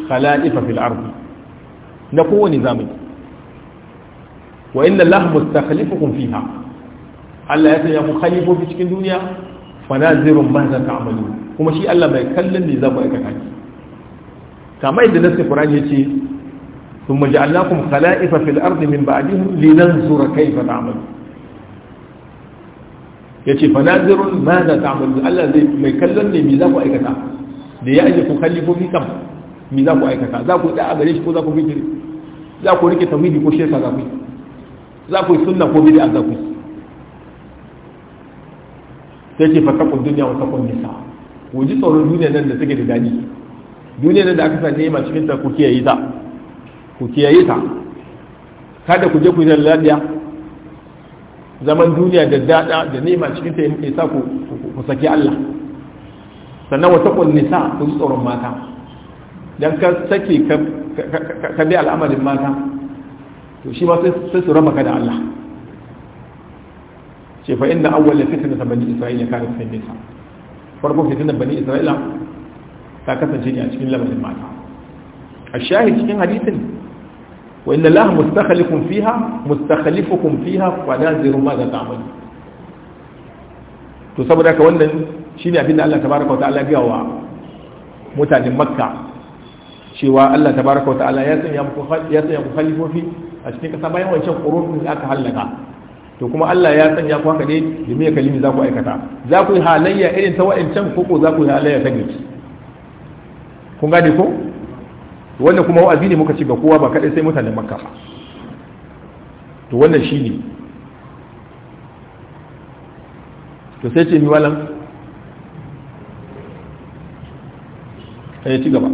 khala'ifa fil ardi na kowane zamani wa inna Allah mustakhlifukum fiha Allah ya sanya ku khalifofi cikin duniya fa nazirun ma za ta'malu kuma shi Allah mai kallon ne za ku aikata ki kama yadda nasu Qur'an ya ce thumma ja'alnakum khala'ifa fil ardi min ba'dihim linanzura kayfa ta'malu yace fa nazirun ma za ta'malu Allah zai mai kallon ne me za ku aikata da ya aje ku khalifofi kam me za ku aikata za ku a gare shi ko za ku bi za ku rike tauhidi ko shirka za ku yi za ku yi sunna ko bid'a za ku yi sai ce fatakun duniya wata kun nisa ku ji tsoron duniya nan da take da daɗi duniya nan da aka sa nema cikin ta ku kiyaye ta ku kiyaye ta kada ku je ku yi lafiya zaman duniya da dada da nema cikin ta yake sa ku ku saki Allah sannan wata kun nisa ku ji tsoron mata dan ka sake ka bi al'amarin mata to shi ma sai su raba ka da Allah ce fa inna awwal fitna ta bani isra'ila kana sai bisa farko fitna bani isra'ila ta kasance ne a cikin lamarin mata a shahid cikin hadisin wa inna laha mustakhlifukum fiha mustakhlifukum fiha wa naziru ma za ta'malu to saboda ka wannan shine abin da Allah tabaraka wa ta'ala ya wa mutanen makka cewa Allah tabaraka wa ta'ala ya sanya muku ya sanya muku khalifofi a cikin kasa bayan wancan qurun da aka halaka to kuma Allah ya sanya ku haka ne domin ya kalimi za ku aikata za ku yi halayya irin ta wa'ancan ko ko za ku yi halayya ta gaci kun gane ko wannan kuma wa'azi ne muka ci ga kowa ba kaɗai sai mutanen makka to wannan ne. to sai ce ni walan sai eh, ci gaba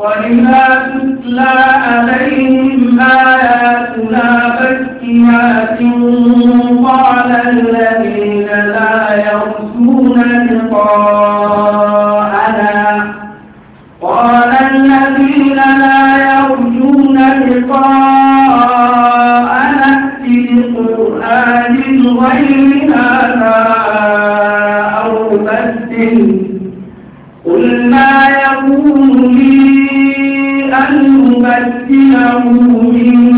وإذا تتلى عليهم آياتنا بكيات قال الذين لا يرجون لقاءنا قال الذين لا يرجون لقاءنا ائت بقرآن غير هذا أو بدل يأتينه من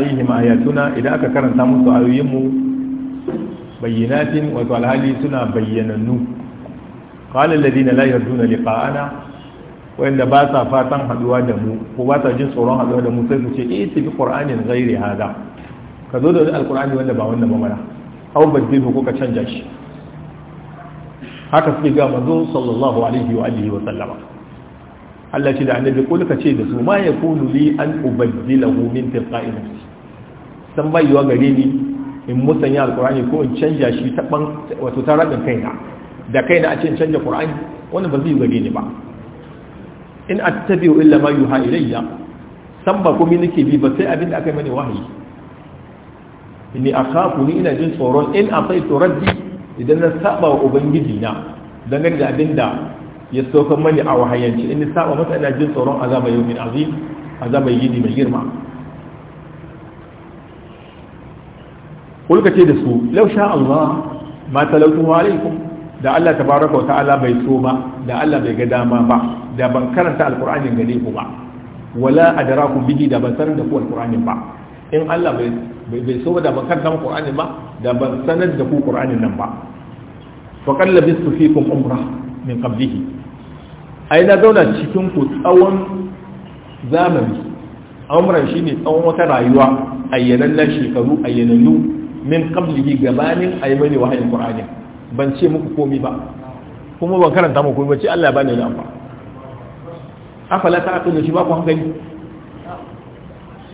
alaihim ayatuna idan aka karanta musu ayoyinmu bayyinatin wato alhali suna bayyanannu qala alladhina la yarjuna liqa'ana wanda ba sa fatan haduwa da mu ko ba sa jin tsoron haduwa da mu sai su ce eh tafi qur'anin ghairi hada ka zo da alqur'ani wanda ba wannan ba mana aw baddilu ko ka canja shi haka suke ga manzo sallallahu alaihi wa alihi wa sallama Allah ce da annabi kul ka ce da su ma yakunu li an ubaddilahu min tilqa'i nafsi san bayyawa gare ni in musanya alkur'ani ko in canja shi ta ban wato ta rabin kaina da kaina a cin canja ƙur'ani, wannan ba zai gare ni ba in a attabi'u illa ma yuha ya san ba komai nake bi ba sai abin da aka mani wahayi a kafu ni ina jin tsoron in a tsoron ji idan na saba wa ubangiji na dangane da abin da ya sauka mani a wahayanci in ni saba masa ina jin tsoron azaba yawmin azim azaba yini mai girma kulka ce da su lau sha Allah ma talautu alaikum da Allah tabaraka wa ta'ala bai so ba da Allah bai ga dama ba da ban karanta alqur'anin gare ku ba wala adrakum bihi da ban sanar da ku alqur'anin ba in Allah bai bai so ba da ban karanta alqur'anin ba da ban sanar da ku qur'anin nan ba fa qallabistu fikum umra min qablihi ai na zauna cikin ku tsawon zamani umran shine tsawon wata rayuwa ayyanan shekaru ayyanannu min qablihi gabanin ayi wa wahayin qur'ani ban ce muku komai ba kuma ban karanta muku ba ce Allah ya bani da amfa afala ta'qulu shi ba ku hankali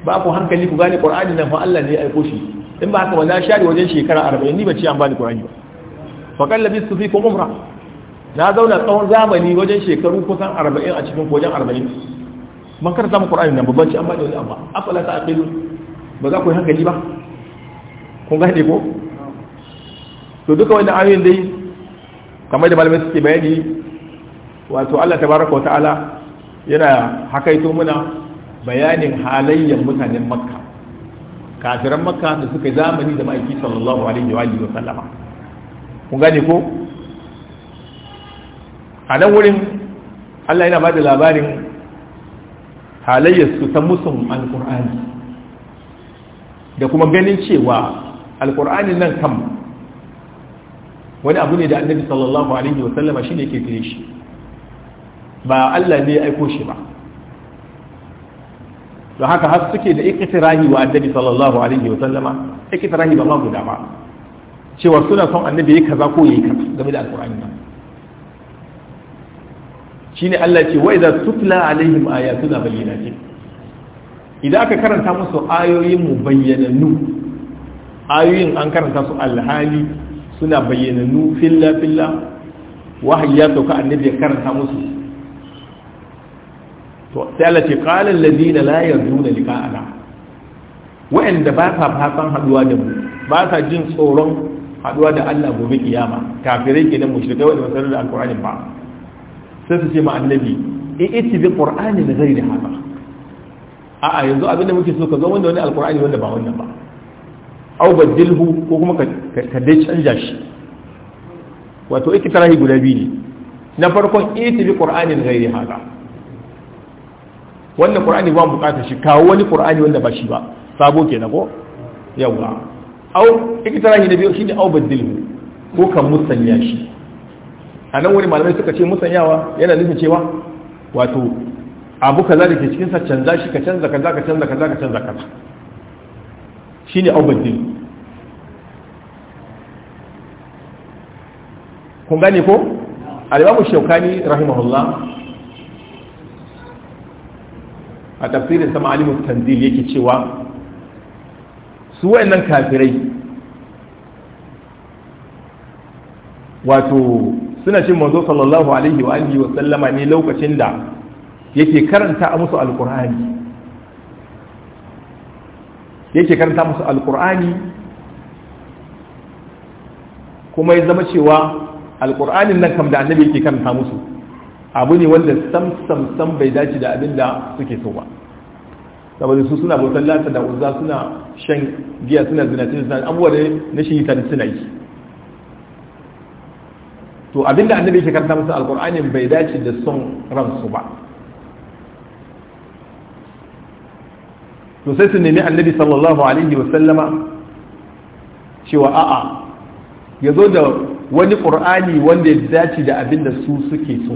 ba ku hankali ku gane qur'ani nan fa Allah ne ya aiko shi in ba haka ba na share wajen shekara 40 ni ba ce an bani qur'ani ba fa kallabi su fi ko umra na zauna tsawon zamani wajen shekaru kusan 40 a cikin wajen 40 ban karanta mu qur'ani nan ban ci an bani wani amma afala ta'qilu ba za ku yi hankali ba kun gane ko to duka wannan ayoyin dai kamar da malamai suke bayani wato Allah tabaraka wa ta'ala yana hakaito muna bayanin halayyar mutanen makka kafiran makka da suka zamani da ma'aiki sallallahu alaihi wa alihi wa sallama kun gane ko a nan wurin Allah yana bada labarin halayyar su ta musun alqur'ani da kuma ganin cewa alkur'ani nan kam wani abu ne da annabi sallallahu alaihi wa sallama shine yake kire shi ba Allah ne ya aiko shi ba don haka har suke da ikitirahi wa annabi sallallahu alaihi wa sallama ikitirahi ba ma guda ba cewa suna son annabi yayi kaza ko yayi kaza game da alkur'ani nan shine Allah ce wa idza tutla alaihim ayatuna bayyinatin idan aka karanta musu ayoyin mu nu. ayoyin an karanta su alhali suna bayyananu filla filla wahayi ya sauka annabi ya karanta musu to sai Allah ce da alladhina la yarjuna liqa'ana wa'anda ba sa fatan haduwa da mu ba sa jin tsoron haduwa da Allah gobe kiyama kafirai kenan mushrikai wanda sanar da alqur'ani ba sai su ce ma annabi i'ti bi qur'ani da haka. a'a yanzu abinda muke so ka zo wanda wani alqur'ani wanda ba wannan ba au badilhu ko kuma ka dai canja shi wato iktirahi guda biyu ne na farkon itibi qur'anin ghairi hada wannan qur'ani ba bukatar shi kawo wani qur'ani wanda ba shi ba sabo kenan ko yawa au iktirahi da biyu shine au badilhu ko ka musanya shi a nan wani malamai suka ce musanyawa yana nufin cewa wato abu kaza da ke cikin sa canza shi ka canza kaza ka canza kaza ka canza kaza shine aubaddil kun gane ko al shaukani rahimahullah a tafsirin sama alimu tanzil yake cewa su nan kafirai wato suna cin manzo sallallahu alaihi wa alihi wa sallama ne lokacin da yake karanta a musu alkur'ani yake karanta musu alkur'ani kuma ya zama cewa alkur'anin nan kam da annabi yake karanta musu abu ne wanda sam sam sam bai dace da abin da suke so ba saboda su suna bautar lata da uzza suna shan giya suna zinatin suna abubuwa da na shi ta suna yi to abinda annabi yake karanta musu alkur'anin bai dace da son ransu ba to sai su nemi annabi sallallahu alaihi wasallama cewa a'a ya zo da wani ƙur'ani wanda ya dace da abin da su suke so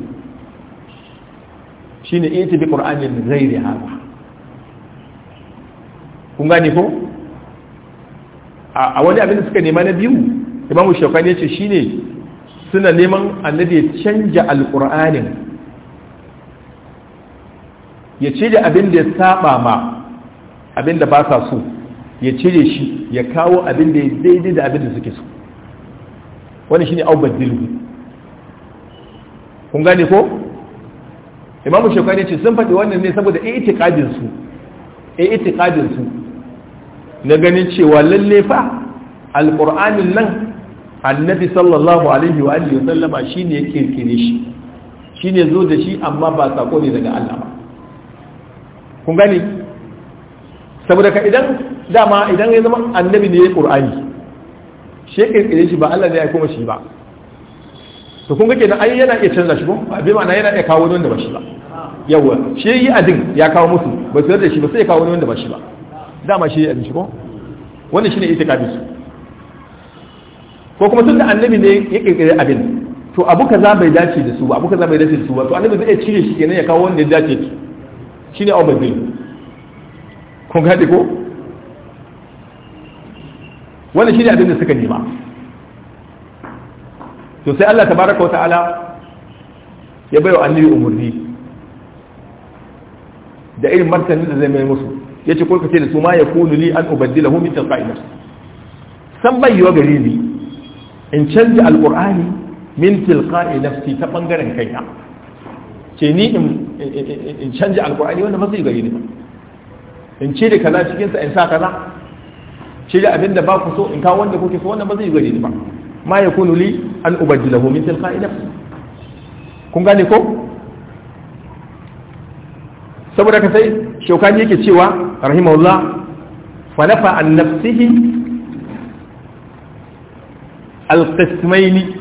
shine in tafi ƙur'anin zairi haka kun gane ko a wani abin da suka nema na biyu imamu shafani ya ce shine suna neman annabi ya canja alƙur'anin ya ce da abin da ya saba ma abin da ba sa so ya cire shi ya kawo abin da ya daidai da abin da suke so wani shine aubad dilhu kun gane ko imamu ne ce sun faɗi wannan ne saboda itikadin su itikadin su na ganin cewa lalle fa alqur'anin nan annabi sallallahu alaihi wa alihi sallama shine ya kirkire shi shine zo da shi amma ba sako ne daga Allah ba kun gane saboda ka idan dama idan ya zama annabi ne ya yi ƙur'ani shi ya ƙirƙire shi ba Allah ne ya kuma shi ba to kun ga kenan ai yana iya canza shi ko bi ma'ana yana iya kawo wanda ba shi ba yawa shi yi adin ya kawo musu ba su da shi ba sai ya kawo wanda ba shi ba dama shi yi adin shi ko wannan shine itikadi ko kuma tunda annabi ne ya ƙirƙire abin to abu kaza bai dace da su ba abu kaza bai dace da su ba to annabi zai cire shi kenan ya kawo wanda ya dace shi ne abu bai kun gaɗe ko shi ne abin da suka nema to sai Allah tabaraka ta'ala ya wa annabi umurni da irin martanin da zai mai musu ya ce ko ce da su ma ya kunu li an ubaddilahu min tilqa'i nafsi san bai yiwa gare ni in canza alqur'ani min tilqa'i nafsi ta bangaren kaina ce ni in canza alqur'ani wanda ba zai gare ni ba in cire kaza cikin sa in sa kaza cire abin da ba ku so in kawo wanda kuke so wannan ba zai gare ni ba ma ya yakunu li an ubaddilahu min tilqa'i nafsi kun gane ko saboda ka sai shaukani yake cewa rahimahullah falafa an nafsihi alqismaini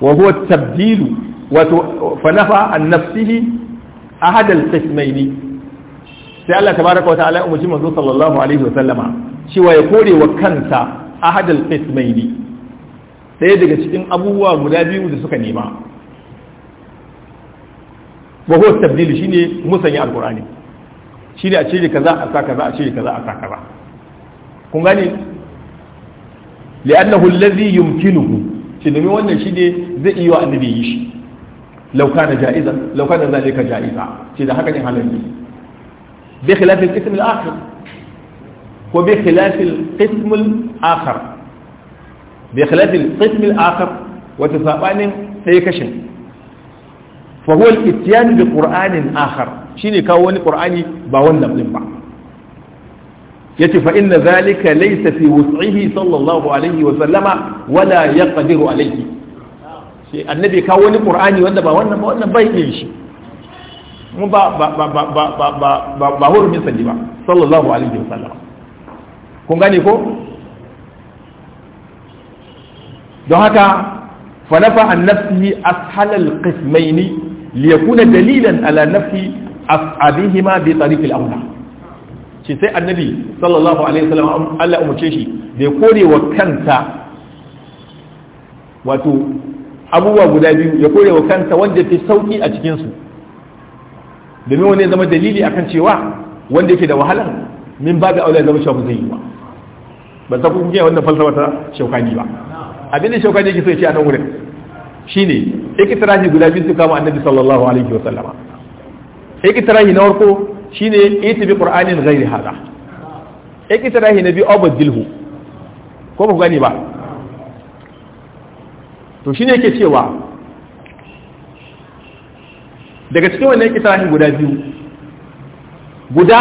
wa huwa tabdilu wato falafa an nafsihi ahad alqismaini sai Allah tabaraka wata'ala umarci manzo sallallahu alaihi wa sallama cewa ya kore wa kansa ahadul qismaini sai daga cikin abubuwa guda biyu da suka nema wa huwa tabdil shine musanya alqur'ani shine a cire kaza a sa kaza a cire kaza a sa kaza kun gane li'annahu alladhi yumkinuhu shi domin wannan shine zai iya annabi yi shi law kana ja'izan law kana zalika ja'iza shi da haka ne halalli بخلاف القسم الآخر وبخلاف القسم الآخر بخلاف القسم الآخر وتسابان سيكشن فهو الاتيان بقرآن آخر شيني كون قرآني باون نبلن بعض يتي فإن ذلك ليس في وسعه صلى الله عليه وسلم ولا يقدر عليه النبي كون قرآني وانا باون نبلن بيش mu ba ba ba ba ba ba ba ba ba hurumin sa ba sallallahu alaihi wasallam kun gane ko don haka fanafa an nafsi ashalal qismaini liyakuna dalilan ala nafsi as'abihima bi tariq al-awla shi sai annabi sallallahu alaihi wasallam Allah umurce shi da ya kore wa kanta wato abubuwa guda biyu ya kore wa kanta wanda fi sauki a cikin su domin wani ya zama dalili akan cewa wanda yake da wahalar min ba da aula ya zama cewa zai yi ba ba ta kun wanda wannan falsafa ta shaukani ba abin da shaukani yake so ya ce a nan wurin shine iktirahi guda biyu su kama annabi sallallahu alaihi wa sallama iktirahi na farko shine itibi qur'anin ghairi hada iktirahi na biyu abdilhu ko ba ku gani ba to shine yake cewa daga cikin wannan shi guda biyu guda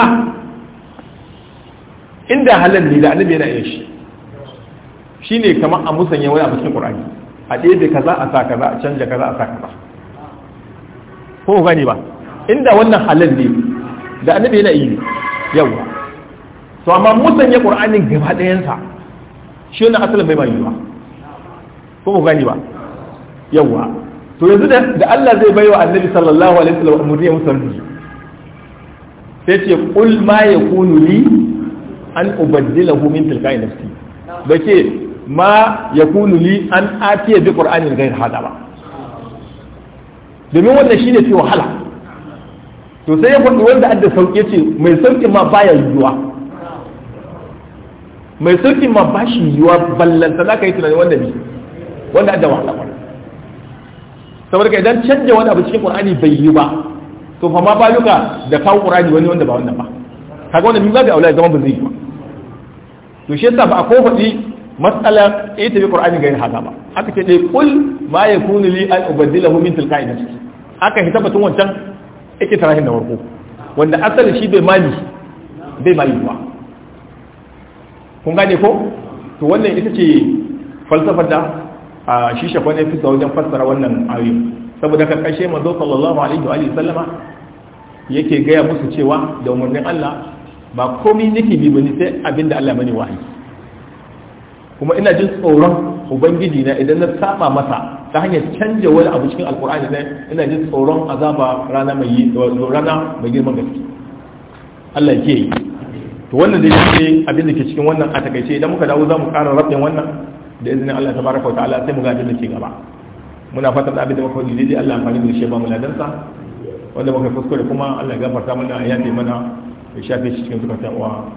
inda halin ne da annabi yana yin shi shine kamar a musanya wani a cikin qur'ani a ɗebe kaza a sa kaza a canja kaza a sa kaza ko gani ba inda wannan halin ne da annabi yana yi yawa to amma musanya qur'anin gaba ɗayansa shi wannan asalin bai ba yi ba ko gani ba yawa to yanzu da Allah zai baiwa annabi sallallahu alaihi wasallam umuriyar musulmi sai ce kul ma yakunu li an ubaddilahu min tilka'i nafsi bace ma yakunu li an atiya bi qur'anin ghayr hada ba domin wannan shine fi wahala to sai ya faɗi wanda adda sauke ce mai sauƙin ma baya yiwuwa mai sauƙin ma bashi yiwuwa ballanta za ka yi tunani wanda bi wanda adda wahala saboda ka idan canja wani abu cikin qur'ani bai yi ba to fa ma baluka da kawo qur'ani wani wanda ba wannan ba kaga wannan min babu aula zaman ba zai yi ba to shi yasa ba a kofaɗi matsalar ita bi qur'ani ga yin haka ba aka ce dai kul ma yakunu li an ubaddilahu min tilka'i nafsi aka hita batun wancan yake tarahin da warko wanda asali shi bai mali bai mali ba kun gane ko to wannan ita ce falsafar da a shi shafa ne fita wajen fassara wannan ayoyi saboda ka kashe mazo sallallahu alaihi wa sallama yake gaya musu cewa da umarnin Allah ba komai nake bi bane sai abinda Allah mani wahayi kuma ina jin tsoron ubangiji na idan na saba masa ta hanyar canja wani abu cikin alkur'ani ne ina jin tsoron azaba rana mai yi rana mai girman gaske Allah ya ke yi to wannan dai shi abin da ke cikin wannan a takaice idan muka dawo za mu ƙara rabin wannan da izinin Allah ta baraka wa ta'ala sai mu gaji da ci gaba muna fatan da abinda muka yi dai Allah amfani da shi ba mu sa wanda muka fuskure kuma Allah ya gafarta mana ya yi mana ya shafe shi cikin zukatan uwa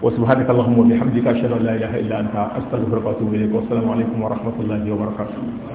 wa subhanaka allahumma wa bihamdika ashhadu an la ilaha illa anta astaghfiruka wa atubu ilayk wa assalamu alaikum wa rahmatullahi wa barakatuh